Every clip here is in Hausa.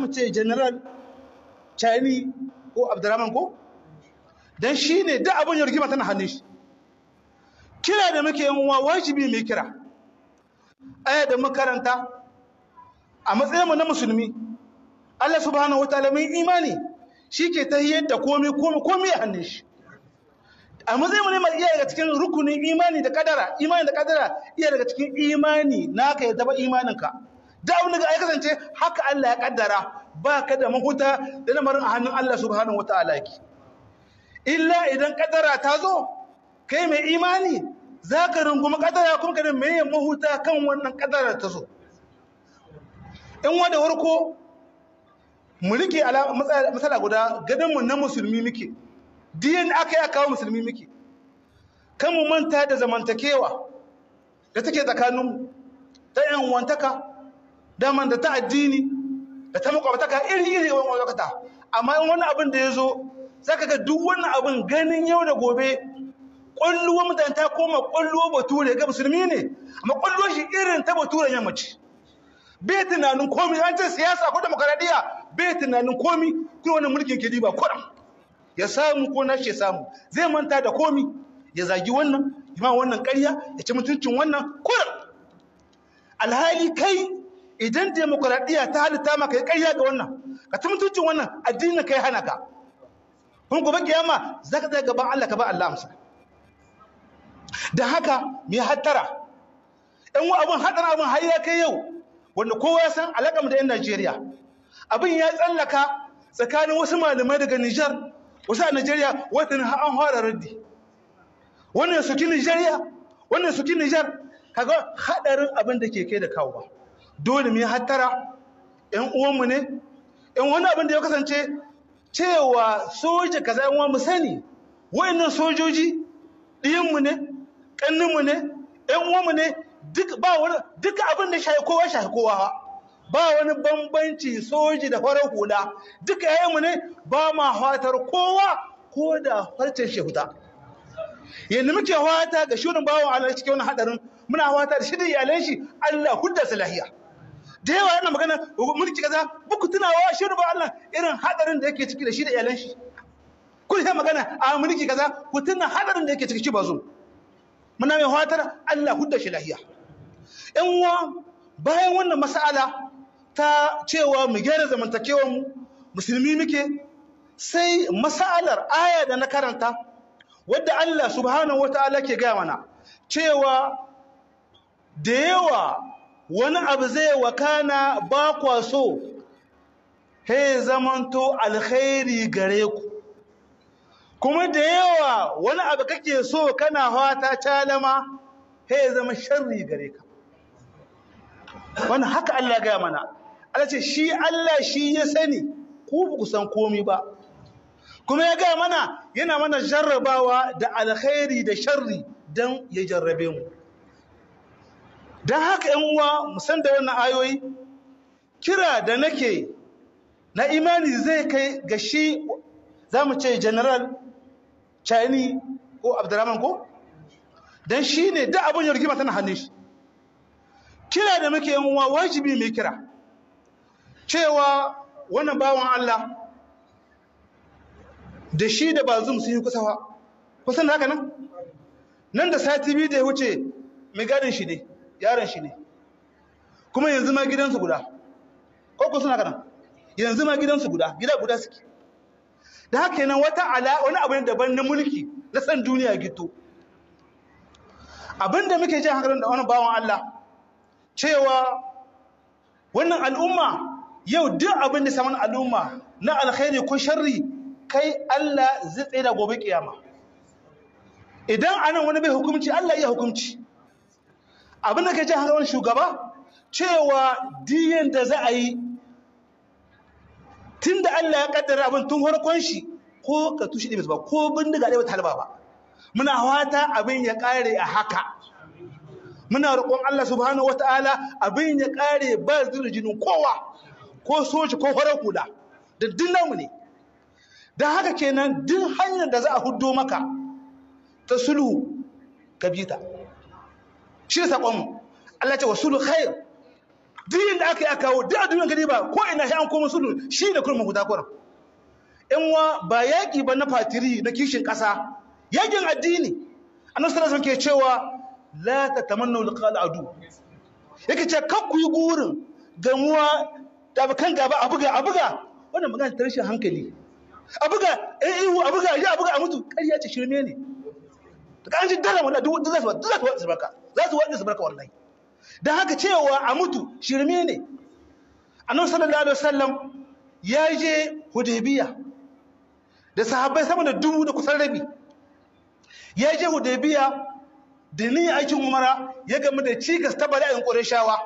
mu ce general chani ko abdurrahman ko dan shi ne duk abin ya rigima tana hannun shi kira da muke yin wa wajibi mai kira aya da makaranta a matsayin mu na musulmi Allah subhanahu wataala mai imani shike tahiyyar da komi komi komi a hannun shi a matsayin mu ne mai iya daga cikin rukunin imani da kadara imani da kadara iya daga cikin imani naka ya zaba imaninka da abin da ya kasance haka Allah ya kaddara ba ka da mahuta da lamarin a hannun Allah subhanahu wa ta'ala ki illa idan kaddara ta zo kai mai imani za ka rungumi kaddara kuma ka da mai mahuta kan wannan kaddara ta zo in wada warko mu rike matsala guda gadonmu na musulmi muke dna aka yi kawo musulmi muke kan mu manta da zamantakewa da take tsakaninmu ta yan wantaka daman da ta addini da ta ka iri iri wani lokata amma in wani abin da ya zo za ka ga duk wani abin ganin yau da gobe ƙwalluwar mutane ta koma ƙwalluwar bature ga musulmi ne amma ƙwalluwar shi irin ta ya mace. bai tunanin komi an ce siyasa ko demokaradiyya bai tunanin komi ko wani mulkin ke diba kuɗin ya samu ko na shi samu zai manta da komi ya zagi wannan ya ma wannan ƙarya ya ci mutuncin wannan kuɗin alhali kai idan demokuraɗiyya ta halitta maka ya ƙarya ga wannan ka ci mutuncin wannan addinin ka kai hana ka kun gobe kiyama za ka tsaya gaban Allah ka ba Allah amsa da haka mai hattara ɗan abin hattara abin har kai yau wanda kowa ya san alaƙam da 'yan Najeriya abin ya tsallaka tsakanin wasu malamai daga Nijar wasu a Najeriya watan an fara raddi wannan suki Nijeriya wannan suki Nijar kaga haɗarin abin da ke kai da kawo ba dole mu yi hattara yan uwanmu ne 'yan wani abin da ya kasance cewa soja kaza yan mu sani wayannan sojoji ɗiyanmu ne ƙanninmu ne yan uwanmu ne duk abin da kowa shahi kowa ba wani bambanci soji da farar hula duka yayanmu ne ba ma fatar kowa ko da farcen shehuta yanzu muke hata ga shirin bawon Allah cikin wani haɗarin, muna hata da shirin iyalan shi Allah hudda lahiya da yawa yana magana mulki kaza buku tunawa shi ba Allah irin hadarin da yake ciki da shi da iyalan shi ku sai magana a mulki kaza ku tuna hadarin da yake ciki shi ba zo muna mai fatar Allah hudda shi lahiya yan uwa bayan wannan mas'ala ta cewa mu gyara zamantakewar mu musulmi muke sai mas'alar aya da na karanta wadda Allah subhanahu wataala ke gaya mana cewa da yawa wani abu zai wakana ba kwa so he zamanto alkhairi gare ku kuma da yawa wani abu kake so kana hata calama he zama sharri gare ka wannan haka Allah gaya mana Allah ce shi Allah shi ya sani ku ba ku san komi ba kuma ya ga mana yana mana jarrabawa da alkhairi da sharri dan ya jarrabe mu don haka ‘yan uwa musan da wannan ayoyi kira da nake na imani zai kai ga shi za mu ce general chani ko abdurrahman ko don shi ne da abin yau rigima tana hannun shi kira da muke ‘yan uwa wajibi mai kira cewa wannan bawan Allah da shi da bazum sun yi kusawa kusan da haka nan nan da sati biyu da ya wuce mai gadin shi ne yaron shi ne kuma yanzu ma gidansu guda koko suna kanan yanzu ma gidansu guda gida guda suke da haka yana wata ala wani abu ne daban na mulki na san duniya gito abinda muke jin hankalin da wani bawan Allah cewa wannan al'umma yau duk abin da saman al'umma na alkhairi ko sharri kai Allah zai tsaye gobe kiyama idan anan wani bai hukunci Allah ya hukumci. abin da ka ji wani shugaba cewa diyan da za a yi tun da Allah ya kaddara abin tun harkon shi ko ka tushe ɗaya ba ko bindiga ɗaya talba ba muna wata abin ya ƙare a haka muna roƙon Allah subhanahu Ta'ala abin ya ƙare ba jinin kowa ko soji ko horar kula da mu ne da haka kenan duk hanyar da za a huddo maka ta sulhu ka bi ta shi ne saƙonmu Allah ce wa sulu khair duk da aka yi aka kawo duk a duniyar gani ba ko ina shi an koma sulu shi ne kurmin guda in wa ba yaƙi ba na fatiri na kishin ƙasa yakin addini annabi sallallahu alaihi ke cewa la ta tatamannu liqal adu yake ce kan ku yi gurin gamuwa da kan gaba a buga a buga wannan magana ta rashin hankali a buga eh ihu a buga ya a buga a mutu ƙarya ce shirme ne to kan ji dala wannan duk zai zai zai baka za su wani su barka wallahi don haka cewa a mutu shirme ne annabi sallallahu alaihi wasallam ya je hudaybiya da sahabbai sama da dubu da kusan rabi ya je hudaybiya da ni aikin umara ya gama da cikas ta bala'in shawa.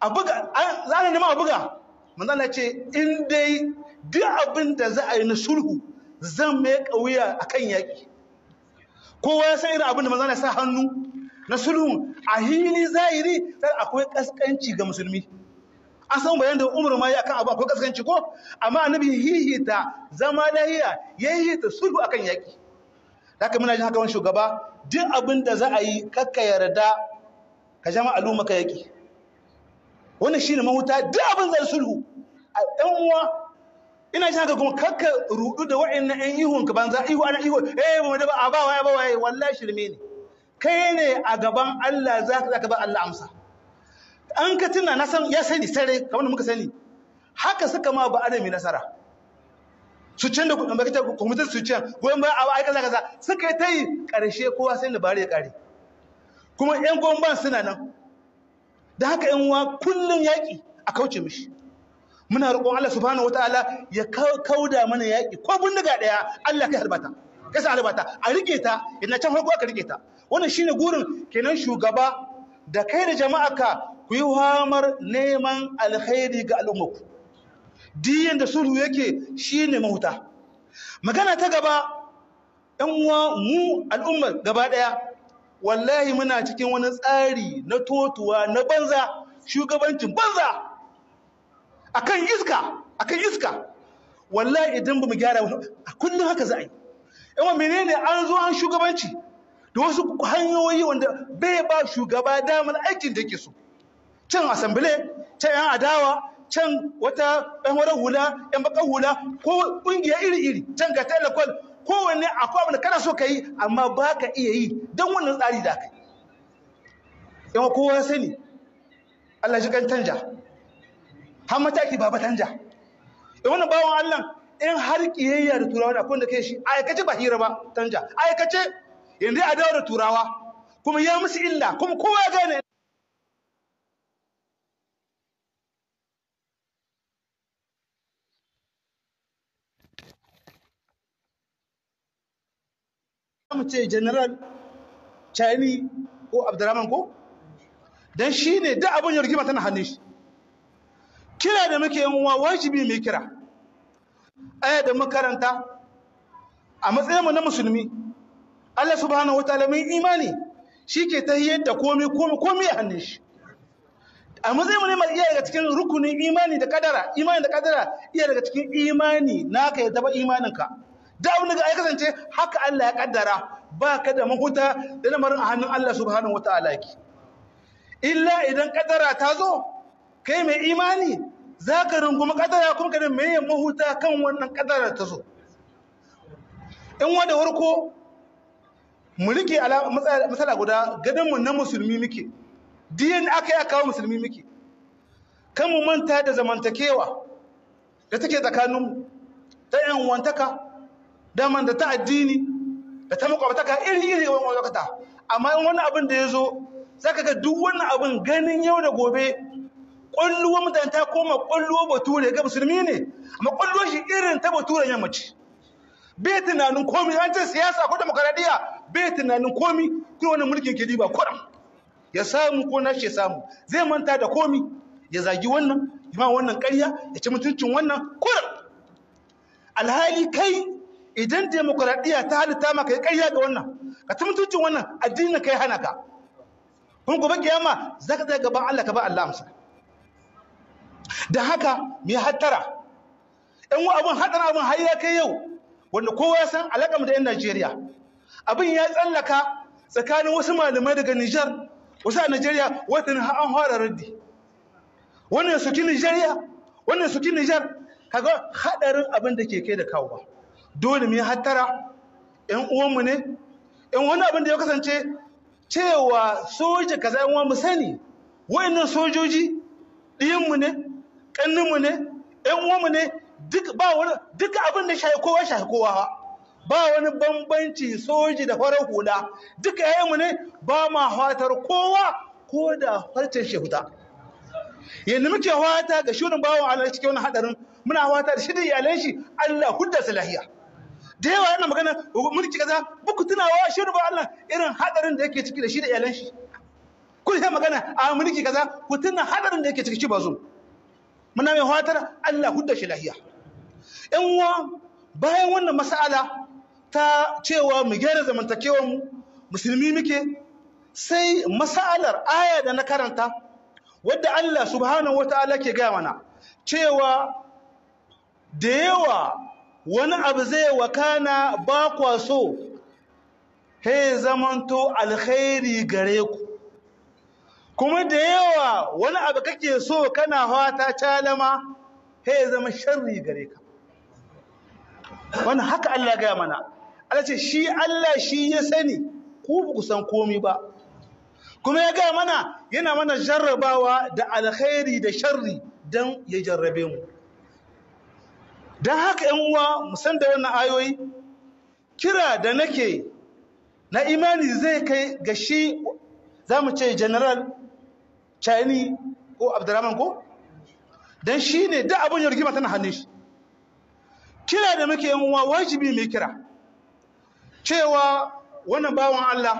a buga za a nema a buga ya ce in dai duk abin da za a yi na sulhu zan mai kauya akan yaƙi. kowa ya san irin abin da manzala sa hannu na sulhun a hili zahiri sai akwai kaskanci ga musulmi an san bayan da umar ma yi akan abu akwai kaskanci ko amma annabi hihita zama lahiya yahita sulhu akan yaki haka muna jin haka wani shugaba duk abin da za a yi kakka yarda ka jama al'umma ka yaki wannan shine mahuta duk abin zai sulhu a ɗan uwa ina jin haka kuma kakka rudu da wa'annan ƴan ka banza ihu ana ihu eh ba da ba a ba waye ba yi, wallahi shirme ne kai ne a gaban Allah za ka ba Allah amsa an ka tuna na san ya sani sare kamar muka sani haka suka ma ba adami nasara su can da kuma bakita kwamitin su can goyon bayan abu aika kasa suka yi ta yi ƙarshe kowa sai da bari ya ƙare kuma yan gwamban suna nan da haka yan wa kullum yaƙi a kauce mishi muna roƙon Allah subhanahu wataala ya kauda mana yaƙi ko bindiga ɗaya Allah kai harbata sa albata a rike ta ina can farko aka rike ta wannan shine gurin kenan shugaba da kai da ka ku yi hamar neman alkhairi ga al'ummaku. diyan da sulhu yake shine mahuta magana ta gaba ɗan uwa mu al'ummar gaba ɗaya wallahi muna cikin wani tsari na totuwa na banza shugabancin banza akan iska akan iska wallahi idan ba mu gyara kullum haka za a yi yawan menene an zo an shugabanci da wasu hanyoyi wanda bai ba shugaba damar aikin da ke so can asambile can yan adawa can wata yan wadar hula yan bakar hula ko kungiya iri-iri can ga telekwal kowanne akwai abin da kana so ka yi amma ba ka iya yi don wannan tsari da aka yi yawan kowa sani Allah shi kan canja har mataki ba ba canja da wannan bawan Allah in har kiyayya da turawa da akwai da kai shi aikace ba hira ba canja aikace yanzu a dawo da turawa kuma ya musu illa kuma kowa ya gane mu ce general chani ko abdurrahman ko dan shi ne duk abin ya rigima tana hannun shi kira da muke yin wa wajibi mai kira aya da makaranta a matsayinmu na musulmi Allah subhanahu wataala mai imani shi ke ta yi yadda komai komai komai a hannun shi a matsayin mu ne mai iya daga cikin rukunin imani da kadara imani da kadara iya daga cikin imani naka ya zaba ka da abin da ai kasance haka Allah ya kaddara ba ka da mahuta da lamarin a hannun Allah subhanahu wataala ki illa idan kadara ta zo kai mai imani za ka rungumi kadara kuma ka da mai mahuta kan wannan kadara ta zo in wanda warko mu rike matsala guda gadonmu na musulmi muke diyan aka yi kawo musulmi muke kan mu manta da zamantakewa da take tsakaninmu ta yan wantaka daman da ta addini da ta makwabtaka iri iri wani wakata amma in wani abin da ya zo za ka ga duk wani abin ganin yau da gobe ƙwalluwa mutane ta koma ƙwalluwa bature ga musulmi ne amma ƙwalluwa shi irin ta bature yammaci bai tunanin komai an ce siyasa ko demokaradiyya bai tunanin komi kuma wani mulkin ke diba kwaram ya samu ko na shi samu zai manta da komi ya zagi wannan ya wannan ƙarya ya ci mutuncin wannan kwaram alhali kai idan demokuraɗiyya ta halitta maka ya ƙarya ga wannan ka ci mutuncin wannan addinin kai hana ka kun gobe kiyama za ka zai gaban Allah ka ba Allah amsa da haka mai hattara in abun haɗar abun har kai yau wanda kowa ya san alaƙa da 'yan Najeriya abin ya tsallaka tsakanin wasu malamai daga Nijar wasu a Najeriya watan an fara raddi wannan suki Nijariya wannan suki Nijar kaga hadarin abin da ke kai da kawo ba dole mu yi hattara ɗan uwanmu ne ɗan wani abin da ya kasance cewa soja kaza yan uwan mu sani wayannan sojoji ɗiyanmu ne ƙanninmu ne ɗan uwanmu ne duk ba wani abin da shahi kowa shahi kowa ba wani bambanci soji da farar hula duka mu ne ba ma hatar kowa ko da farcen shehuta yanzu muke hata ga shirin bawan Allah cikin wani hadarin muna hata da shirin da iyalan shi Allah hudda su lahiya da yawa yana magana mulki kaza buku tunawa shirin bawan Allah irin hadarin da yake ciki da shi da iyalan shi kun yi magana a mulki kaza ku tuna hadarin da yake ciki shi ba zo muna mai fatar Allah hudda shi lahiya yan uwa bayan wannan mas'ala ta cewa mu gyara zamantakewar mu musulmi muke sai mas'alar aya da na karanta wadda Allah subhanahu wata'ala ke gaya mana cewa da yawa wani abu zai wakana ba kwa so he zamanto alkhairi gare ku kuma da yawa wani abu kake so kana hata calama he zama sharri gare ka wani haka Allah gaya mana Allah ce shi Allah shi ya sani ku ku san komai ba kuma ya ga mana yana mana jarrabawa da alkhairi da sharri dan ya jarrabe mu dan haka 'yan uwa mu da wannan ayoyi kira da nake na imani zai kai ga shi zamu ce general Chani ko Abdurrahman ko dan shine duk abin rigima tana hannun shi kira da muke yan uwa wajibi mai kira cewa wannan bawan Allah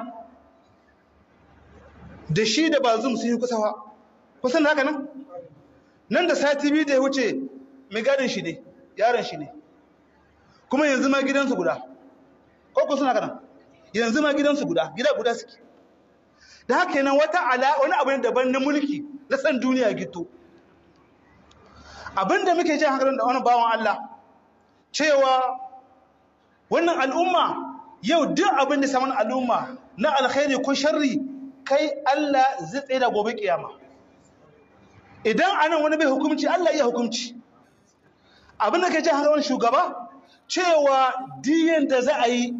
da shi da bazum sun yi kusawa kusan da haka nan nan da sati biyu da ya wuce mai gadin shi ne yaron shi ne kuma yanzu ma gidansu guda ko kun suna nan yanzu ma gidansu guda gida guda suke da haka yana wata ala wani abu ne daban na mulki na san duniya gito abinda muke jin hankalin da wani bawan Allah cewa wannan al'umma yau duk abin da saman al'umma na alkhairi ko sharri kai Allah zai tsaye da gobe kiyama idan anan wani bai hukunci Allah iya hukunci abin da kai ji hankalin shugaba cewa diyan da za a yi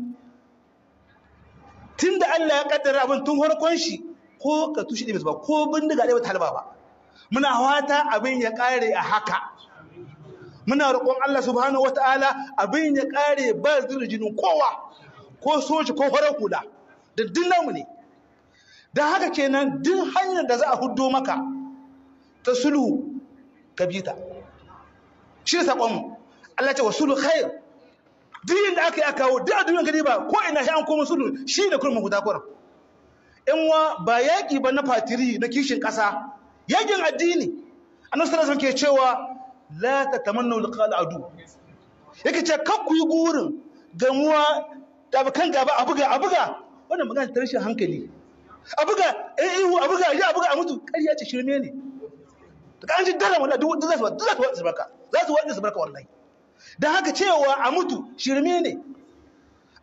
tun da Allah ya kaddara abin tun harkon shi ko ka tushe ɗin ba ko bindiga ɗaya talba ba muna wata abin ya ƙare a haka muna roƙon Allah subhanahu wataala abin ya ƙare ba zurjinin kowa ko soji ko farar hula da duk namu ne don haka kenan duk hanyar da za a huddo maka ta sulhu ka bi ta shi ne saƙonmu Allah ce wa sulhu khair duk da aka yi aka kawo duk a duniyar gani ba ko ina shi an koma sulhu shi ne kurmin huta kuran in wa ba yaƙi ba na fatiri na kishin ƙasa yaƙin addini a annabi sallallahu ke cewa la tamanna wani kala adu yake ce kan yi gurin gamuwa da kan gaba a buga a buga wannan magana ta rashin hankali a buga eh ihu eh, a buga ya buga a mutu ƙarya ce shirme ne to kan ji dala wannan duk za su duk za su wadi barka za su wadi barka wallahi dan haka cewa a mutu shirme ne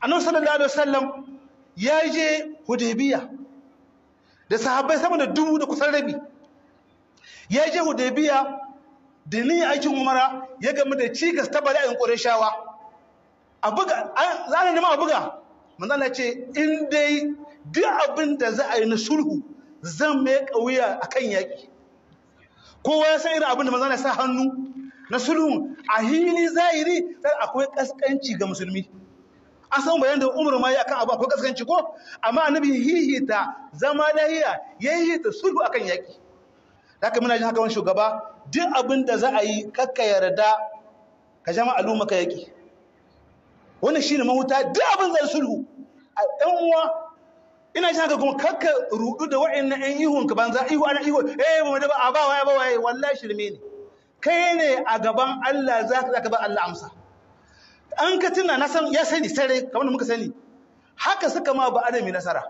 annabi sallallahu alaihi wasallam ya je hudaybiya da sahabbai sama da dubu da kusan rabi ya je hudaybiya da ni aikin umara ya gamu da cikas ta bala'in qurayshawa a buga za a nema a buga manzana ce in dai duk abin da za a yi na sulhu zan mai wuya a kan yaƙi kowa ya san irin abin da manzala sa hannu na sulhu a hili zahiri sai akwai kaskanci ga musulmi a san bayan da umar ma yi akan abu akwai kaskanci ko amma annabi hihita zama lahiya yayyita sulhu akan yaƙi haka muna jin haka wani shugaba duk abin da za a yi kakka yarda ka jama'a al'umma ka yaƙi wannan shine mahuta duk abin zai sulhu a ɗan uwa ina ji haka kuma kakka rudu da wa'annan ɗan ihun ka banza ihu ana ihu eh mu da ba a ba waye ba waye wallahi shirme ne kai ne a gaban Allah ka zaka ba Allah amsa an ka tuna na san ya sani sare kamar muka sani haka suka ma ba adami nasara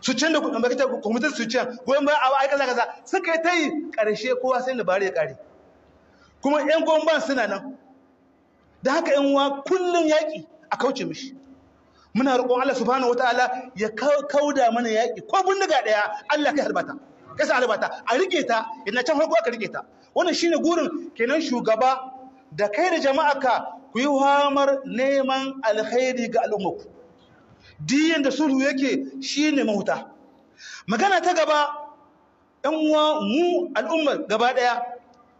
su can da kuɗin bakita kwamitin su can goyon bayan abu aika kaza suka yi ta yi ƙarshe kowa sai da bari ya ƙare kuma yan gomban suna nan da haka yan uwa kullum yaƙi a kauce mishi muna roƙon Allah subhanahu wataala ya kauda mana yaƙi ko bindiga ɗaya Allah kai harbata kai sa harbata a rike ta idan can farko aka rike ta wannan shine gurin kenan shugaba da kai da jama'aka ku yi hamar neman alkhairi ga al'ummarku diyan da sulhu yake shine mahuta magana ta gaba yan uwa mu al'ummar gaba ɗaya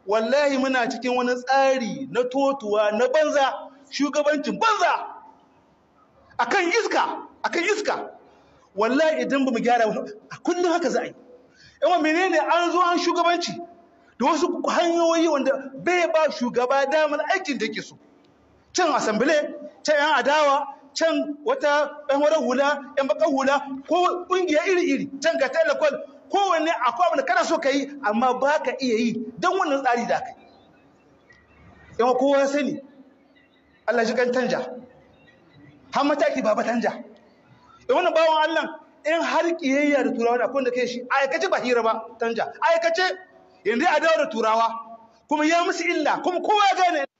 wallahi muna cikin wani tsari na totuwa na banza shugabancin banza akan iska akan iska wallahi idan bamu gyara a kullum haka za a yi amma menene an zo an shugabanci da wasu hanyoyi wanda bai ba shugaba damar aikin da yake so can asambile can yan adawa can wata yan wadar hula yan bakar hula ko kungiya iri-iri can ga talakol kowanne akwai abin da kana so ka yi amma ba ka iya yi don wannan tsari da kai yawa kowa ya sani Allah shi kan canja har mataki ba tanja da wannan bawan Allah in har kiyayya da turawa da akwai da kai shi aikace ba hira ba tanja aikace yanzu a dawo da turawa kuma ya musu illa kuma kowa ya gane